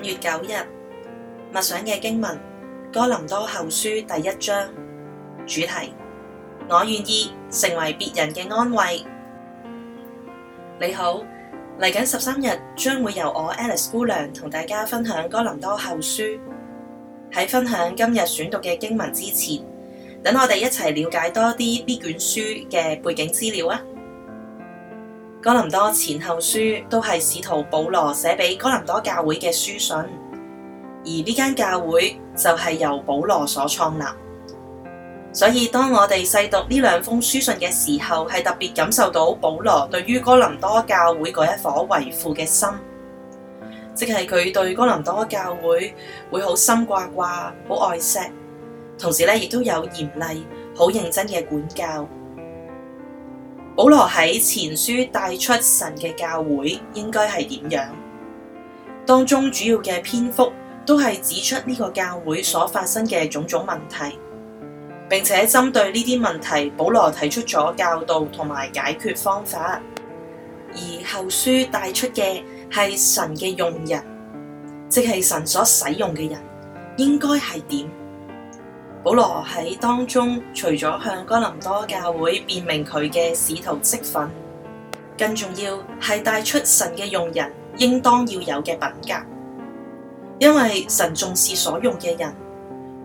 五月九日，默想嘅經文《哥林多後書》第一章，主題：我願意成為別人嘅安慰。你好，嚟緊十三日將會由我 Alice 姑娘同大家分享《哥林多後書》。喺分享今日選讀嘅經文之前，等我哋一齊了解多啲呢卷書嘅背景資料啊！哥林多前後書都係使徒保羅寫俾哥林多教會嘅書信，而呢間教會就係由保羅所創立，所以當我哋細讀呢兩封書信嘅時候，係特別感受到保羅對於哥林多教會嗰一顆維護嘅心，即係佢對哥林多教會會好心掛掛，好愛惜，同時呢亦都有嚴厲、好認真嘅管教。保羅喺前書帶出神嘅教會應該係點樣，當中主要嘅篇幅都係指出呢個教會所發生嘅種種問題，並且針對呢啲問題，保羅提出咗教導同埋解決方法。而後書帶出嘅係神嘅用人，即係神所使用嘅人應該係點。保羅喺當中，除咗向哥林多教會辨明佢嘅使徒職份，更重要係帶出神嘅用人應當要有嘅品格，因為神重視所用嘅人，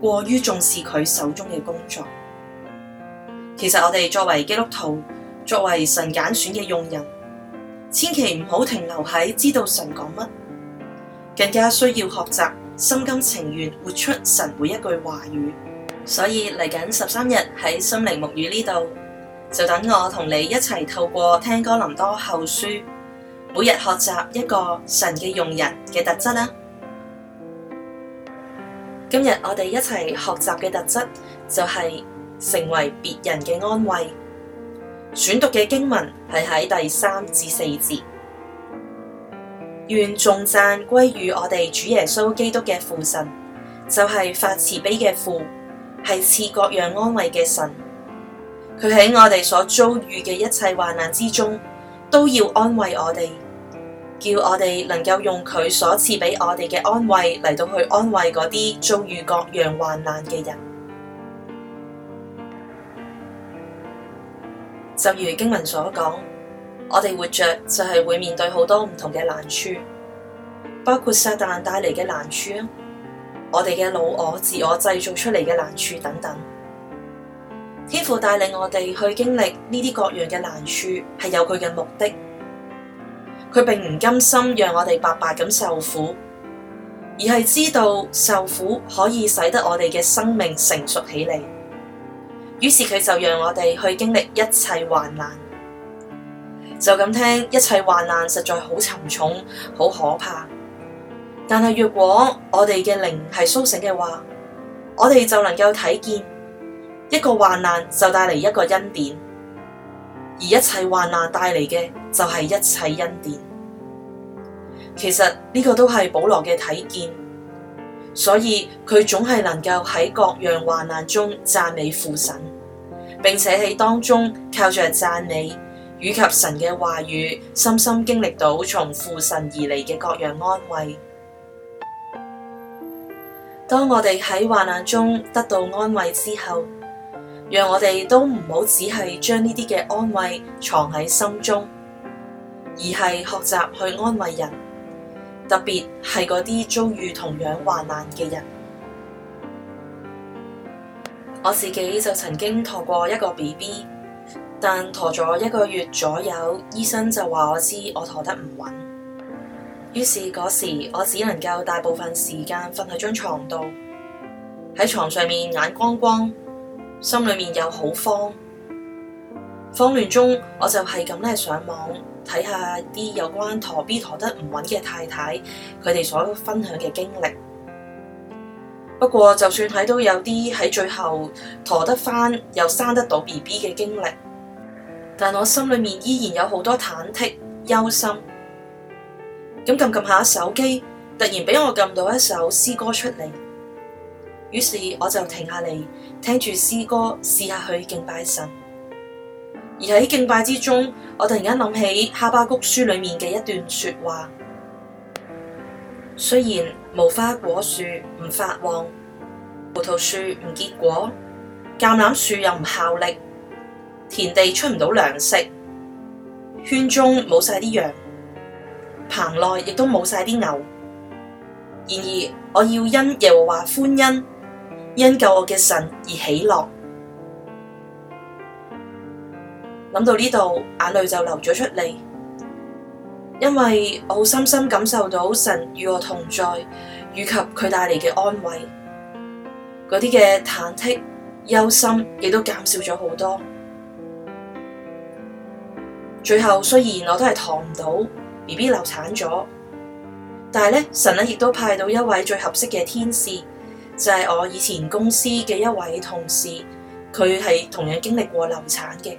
過於重視佢手中嘅工作。其實我哋作為基督徒，作為神揀選嘅用人，千祈唔好停留喺知道神講乜，更加需要學習心甘情願活出神每一句話語。所以嚟緊十三日喺心靈牧語呢度，就等我同你一齊透過聽哥林多後書，每日學習一個神嘅用人嘅特質啦。今日我哋一齊學習嘅特質就係成為別人嘅安慰。選讀嘅經文係喺第三至四節，願眾讚歸於我哋主耶穌基督嘅父神，就係、是、發慈悲嘅父。係賜各樣安慰嘅神，佢喺我哋所遭遇嘅一切患難之中，都要安慰我哋，叫我哋能夠用佢所賜俾我哋嘅安慰嚟到去安慰嗰啲遭遇各樣患難嘅人。就如經文所講，我哋活着就係會面對好多唔同嘅難處，包括撒旦帶嚟嘅難處啊。我哋嘅老我、自我製造出嚟嘅難處等等，天父帶領我哋去經歷呢啲各樣嘅難處，係有佢嘅目的。佢並唔甘心讓我哋白白咁受苦，而係知道受苦可以使得我哋嘅生命成熟起嚟。於是佢就讓我哋去經歷一切患難。就咁聽，一切患難實在好沉重、好可怕。但係，若果我哋嘅靈係蘇醒嘅話，我哋就能夠睇見一個患難就帶嚟一個恩典，而一切患難帶嚟嘅就係一切恩典。其實呢個都係保羅嘅睇見，所以佢總係能夠喺各樣患難中讚美父神，並且喺當中靠著讚美以及神嘅話語，深深經歷到從父神而嚟嘅各樣安慰。當我哋喺患難中得到安慰之後，讓我哋都唔好只係將呢啲嘅安慰藏喺心中，而係學習去安慰人，特別係嗰啲遭遇同樣患難嘅人。我自己就曾經陀過一個 BB，但陀咗一個月左右，醫生就話我知我陀得唔穩。於是嗰時，我只能夠大部分時間瞓喺張床度，喺床上面眼光光，心裏面又好慌，慌亂中我就係咁咧上網睇下啲有關陀 B 陀得唔穩嘅太太，佢哋所分享嘅經歷。不過就算睇到有啲喺最後陀得返又生得到 B B 嘅經歷，但我心裏面依然有好多忐忑憂心。咁撳撳下手機，突然俾我撳到一首詩歌出嚟，於是我就停下嚟聽住詩歌，試下去敬拜神。而喺敬拜之中，我突然間諗起《哈巴谷書》裏面嘅一段說話：雖然無花果樹唔發旺，葡萄樹唔結果，橄欖樹又唔效力，田地出唔到糧食，圈中冇晒啲羊。棚內亦都冇晒啲牛，然而我要因耶和華歡欣，因救我嘅神而喜樂。諗到呢度，眼淚就流咗出嚟，因為我好深深感受到神與我同在，以及佢帶嚟嘅安慰。嗰啲嘅忐忑、憂心亦都減少咗好多。最後雖然我都係逃唔到。B B 流產咗，但係咧神咧亦都派到一位最合適嘅天使，就係我以前公司嘅一位同事，佢係同樣經歷過流產嘅，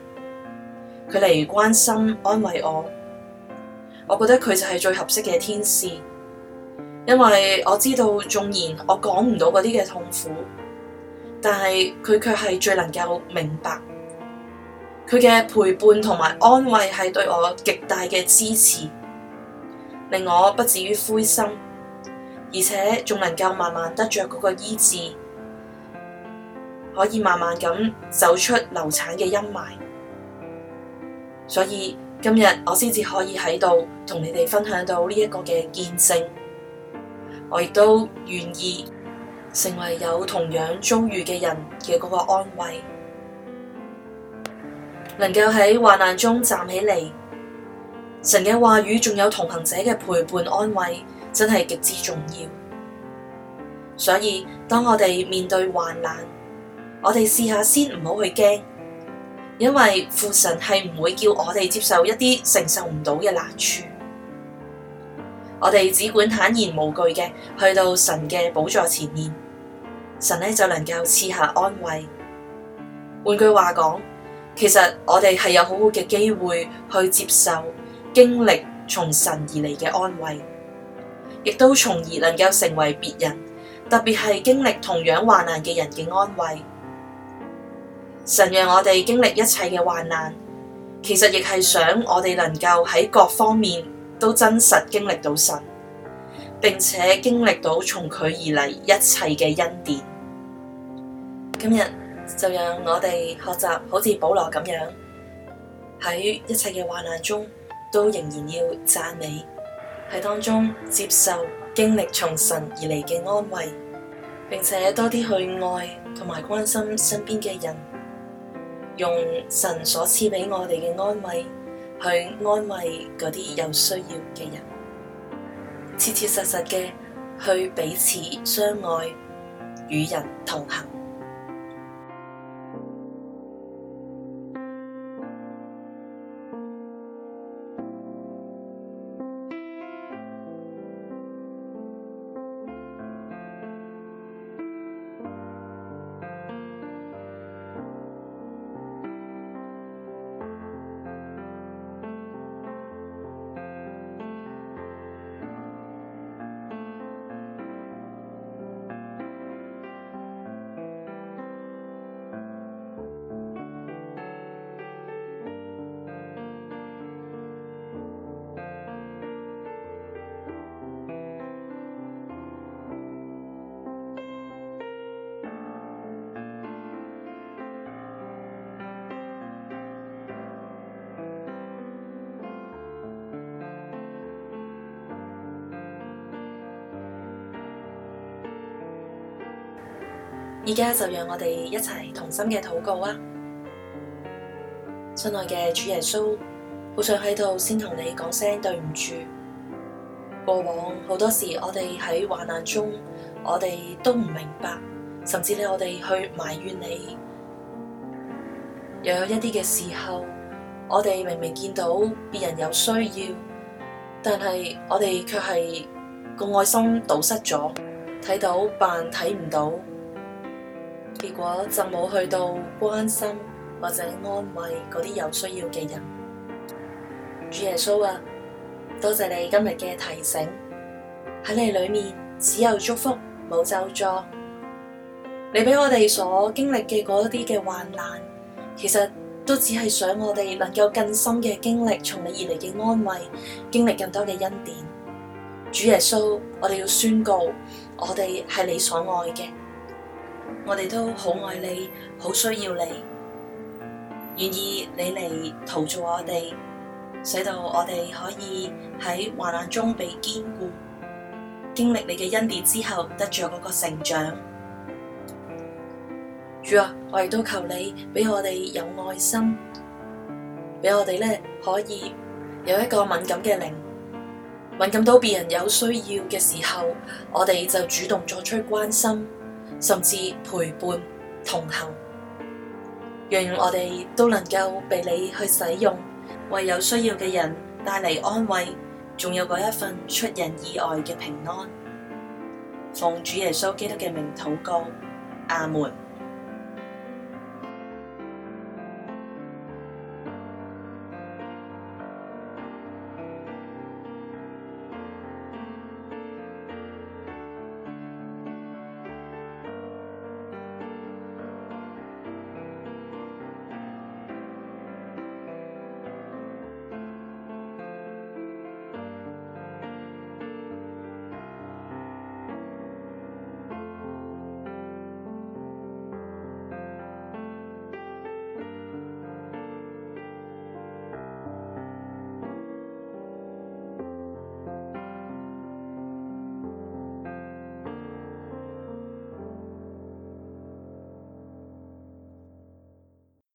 佢嚟關心安慰我，我覺得佢就係最合適嘅天使，因為我知道縱然我講唔到嗰啲嘅痛苦，但係佢卻係最能夠明白，佢嘅陪伴同埋安慰係對我極大嘅支持。令我不至於灰心，而且仲能夠慢慢得着嗰個醫治，可以慢慢咁走出流產嘅陰霾。所以今日我先至可以喺度同你哋分享到呢一個嘅見證，我亦都願意成為有同樣遭遇嘅人嘅嗰個安慰，能夠喺患難中站起嚟。神嘅話語仲有同行者嘅陪伴安慰，真係極之重要。所以當我哋面對患難，我哋試下先唔好去驚，因為父神係唔會叫我哋接受一啲承受唔到嘅難處。我哋只管坦然無懼嘅去到神嘅寶座前面，神呢就能夠賜下安慰。換句話講，其實我哋係有好好嘅機會去接受。經歷從神而嚟嘅安慰，亦都從而能夠成為別人，特別係經歷同樣患難嘅人嘅安慰。神讓我哋經歷一切嘅患難，其實亦係想我哋能夠喺各方面都真實經歷到神，並且經歷到從佢而嚟一切嘅恩典。今日就讓我哋學習好似保羅咁樣，喺一切嘅患難中。都仍然要讚美，喺當中接受經歷從神而嚟嘅安慰，並且多啲去愛同埋關心身邊嘅人。用神所賜畀我哋嘅安慰，去安慰嗰啲有需要嘅人，切切實實嘅去彼此相愛，與人同行。而家就讓我哋一齊同心嘅禱告啊！親愛嘅主耶穌，好想喺度先同你講聲對唔住。過往好多時，我哋喺患難中，我哋都唔明白，甚至咧我哋去埋怨你。又有一啲嘅時候，我哋明明見到別人有需要，但係我哋卻係個愛心堵塞咗，睇到扮睇唔到。結果就冇去到關心或者安慰嗰啲有需要嘅人。主耶穌啊，多謝你今日嘅提醒，喺你裏面只有祝福冇咒詛。你畀我哋所經歷嘅嗰啲嘅患難，其實都只係想我哋能夠更深嘅經歷從你而嚟嘅安慰，經歷更多嘅恩典。主耶穌，我哋要宣告，我哋係你所愛嘅。我哋都好愛你，好需要你，願意你嚟陶造我哋，使到我哋可以喺患難中被堅固，經歷你嘅恩典之後，得着嗰個成長。主啊，我亦都求你畀我哋有愛心，畀我哋咧可以有一個敏感嘅靈，敏感到別人有需要嘅時候，我哋就主動作出關心。甚至陪伴同行，讓我哋都能夠被你去使用，為有需要嘅人帶嚟安慰，仲有嗰一份出人意外嘅平安。奉主耶穌基督嘅名禱告，阿門。